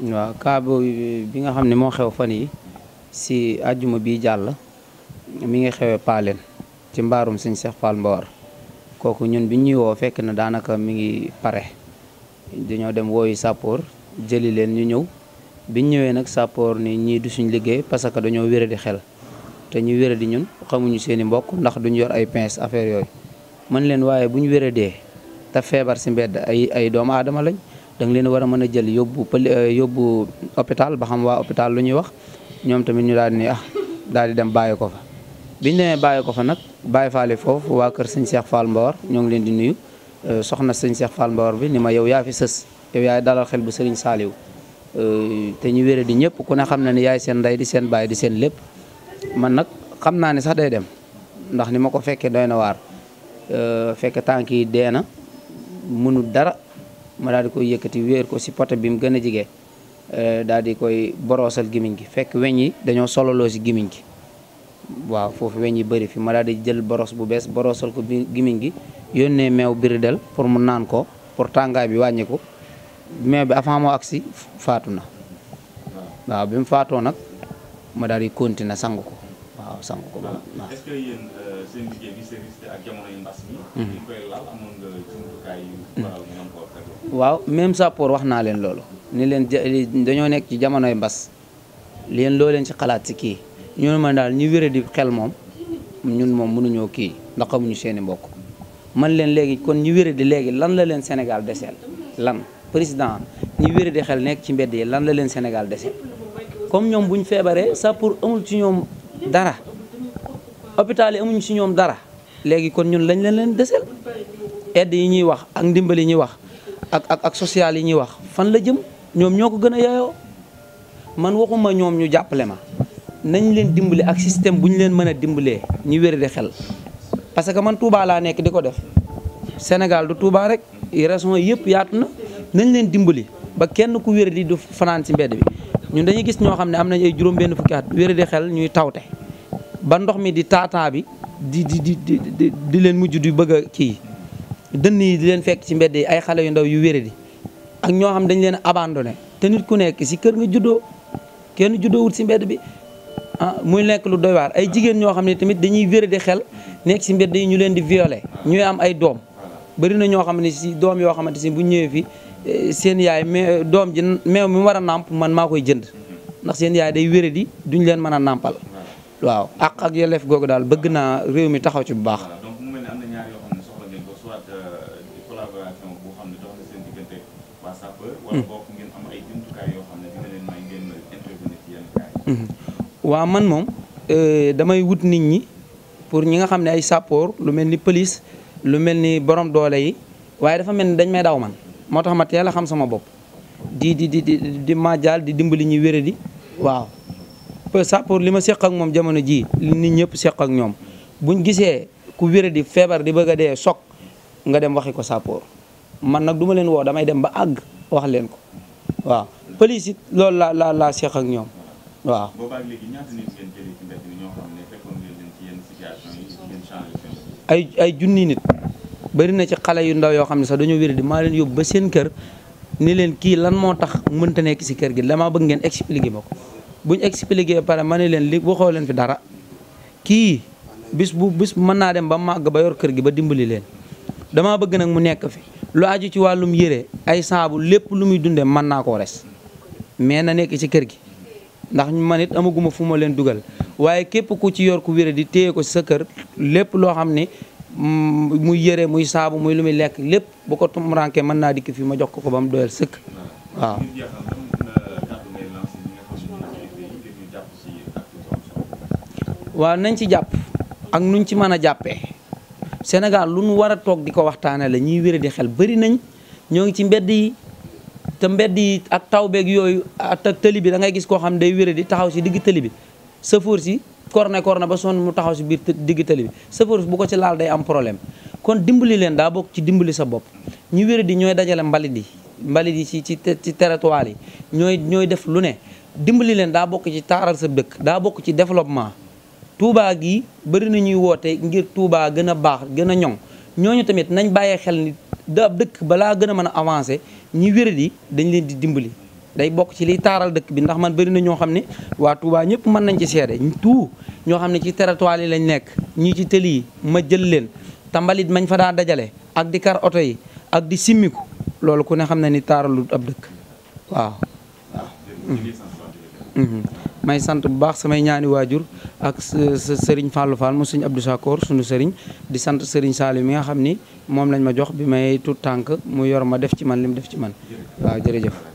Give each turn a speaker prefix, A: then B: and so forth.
A: waaw kaabo bi nga xam ne moo xew fan yi si àjjuma bi jàll mi ngi xewee Paaleen ci mbaarum sëñ Cheikh Fall Mbawar kooku ñun bi ñuy woo fekk na daanaka mi ngi pare dañoo dem wooyu sàppoor jëli leen ñu ñëw biñ ñëwee nag sàppoor ni ñii du suñ liggéey parce que dañoo wére di xel te ñu wére di ñun xamuñu seen i mbokk ndax duñ yor ay pince affaire yooyu mën leen waaye bu ñu wéradee te feebar si mbedd ay ay doomu aadama lañ da nga leen war a mën a jël yóbbu pël euh, yóbbu hôpital ba xam waa hôpital lu ñuy wax ñoom tamit ñu daal di ne ah daal di dem bàyyi ko fa. biñ demee bàyyi ko fa nag bàyyi faale foofu waa kër sëñ seex Fall Mbawar ñoo ngi leen di nuyu euh, soxna sëñ Cheikh Fall Mbawar bi ni ma yow yaa fi sës yow yaay dalal xel bu Serigne Saliou euh, te ñu wéré di ñëpp ku ne xam na ne yaay seen ndey di seen baay di seen lépp man nag xam naa ne sax day dem ndax ni ma ko fekkee doy na waar fekke tànk yi ma daal di koy yëkkati wéer ko si poto bi mu gën a jige euh, daal di koy borosal gimiñ gi fekk weñ yi dañoo sololoo si gi waaw foofu weñ yi bëri fi ma daal di jël boros bu bees boroosal ko bi gimiñ gi yónnee meew biridel pour mu naan ko pour tàngaay bi wàññi ko meew bi avant moo agsi faatu na waaw bi mu faatoo nag ma daal di na sangu ko waaw sàmm ko ba waaw. est-ce wax naa leen loolu ni leen dañoo nekk ci jamonoy mbas leen loo leen ci xalaat si kii ñoo ma daal ñu wéré di xel moom ñun moom mënuñoo kii ndax xamuñu seen mbokk man leen léegi kon ñu wéré di léegi lan la leen Sénégal deseel lan président ñu wéré di xel nekk ci mbedd yi lan la leen Sénégal deseel comme ñoom bu feebaree sappoor amul ci ñoom dara hôpital yi amuñ si ñoom dara léegi kon ñun lañ leen leen deseel aide yi ñuy wax ak ndimbal yi ñuy wax ak ak ak social yi ñuy wax fan la jëm ñoom ñoo ko gën a yaayoo man waxuma ñoom ñu jàppale ma nañ leen dimbali ak système bu ñu leen mën a dimbalee ñu wér di xel parce que man tuubaa laa nekk di ko def Sénégal du tuubaa rek région yëpp yaatu na nañ leen dimbali ba kenn ku wér di du fanaan si mbedd bi ñun dañuy gis ñoo xam ne am nañ ay juróom benn fukki at wér di xel ñuy tawte ba ndox mi di taataa bi di di di di di leen mujj di bëgg a kii dënn yi di leen fekk ci mbedd yi ay xale yu ndaw yu wéré di ak ñoo xam dañ leen abandonné te nit ku nekk si kër nga juddoo kenn juddoo si mbedd bi ah muy nekk lu doy ay jigéen ñoo xam ne tamit dañuy wéré di xel nekk si mbedd yi ñu leen di viole ñuy am ay doom bëri na ñoo xam ne si doom yoo xamante si bu ñëwee fi eh, seen yaay mais doom ji meew mi war a nàmp man maa koy jënd ndax seen yaay day wéré di duñ leen mën a nàmpal waaw ak ak yelleef googu daal bëgg naa réew mi taxaw ci bu baax. Euh, waaw hmm. hmm. man moom euh, damay wut nit ñi pour ñi nga xam ne ay sappoor lu mel ni pëlis lu mel ni borom doole yi waaye dafa mel ni dañ may daw man moo tax ma teel a xam sama bopp di di di di ma jaal di dimbali ñi wéré di waaw pour li ma seq ak moom jamono jii nit ñëpp seq ak ñoom buñ gisee ku wér di feebar di bëgg a dee soog nga dem waxi ko sappoor man nag duma leen woo damay dem ba àgg wax leen ko waaw police it loolu laa laa laa seq ak ñoom waaw. boobaag yi ay ay junni nit bëri na ci xale yu ndaw yoo xam ne sax dañoo wér di maa leen yóbbu ba seen kër ni leen kii lan moo tax mënta nekk ci kër gi damaa bëgg ngeen expliqué ma ko. buñ expliqué pare ma ne leen li waxoo leen fi dara kii bis bu bis mën naa dem ba màgg ba yor kër gi ba dimbali leen damaa bëgg nag mu nekk fi lu aju ci wàllum yére ay saabu lépp lu muy dundee mën naa koo res mais na nekk ci kër gi ndax ma it amaguma fu ma leen dugal waaye képp ku ci yor ku wére di téye ko sa kër lépp loo xam ne mm, muy yére muy saabu muy lu muy lekk lépp bu ko tumuraanke mën naa dikk fi ma jox ko ko ba mu doyal sëkk waaw waaw nañ ci jàpp ak nuñ ci mën a jàppee Sénégal lu nu war a toog di ko waxtaanee la ñuy wéré di xel bari nañ ñoo ngi ci mbedd yi te mbedd yi ak taw beeg yooyu ak tëli bi da ngay gis koo xam day wéré di taxaw si digg tëli bi sëfoor si korne korne ba sonn mu taxaw si biir digg tëli bi sëfoor si bu ko ci laal day am problème kon dimbali leen daa bokk ci dimbali sa bopp ñu wéré di ñooy dajale mbalit yi mbalit yi ci ci ci territoire yi ñooy ñooy def lu ne dimbali leen daa bokk ci taaral sa dëkk daa bokk ci développement tuubaa gi bëri na ñuy woote ngir tuubaa gën a baax gën a ñoŋ ñooñu tamit nañ bàyyee xel ni da ab dëkk balaa gën a mën a avancé ñi wéradi dañ leen di dimbali. day bokk ci liy taaral dëkk bi ndax man bëri na ñoo xam ne waa Touba ñëpp mën nañ ci seede tout ñoo xam ne ci territoire yi lañ nekk ñii ci tëli yi ma jël leen tambalit mañ fa daa dajale ak di kar oto yi ak di simmiku loolu ku ne xam ne ni taaralut ab dëkk waaw mhm. may sant bu baax samay ñaani waajur ak sëriñ Fallou Fall mu sëriñ Abdou Sakor sunu sëriñ di sant sëriñ Saliou mi nga xam ni moom lañ ma jox bi may tuut tànk mu yor ma def ci man li mu def ci man waaw jërëjëf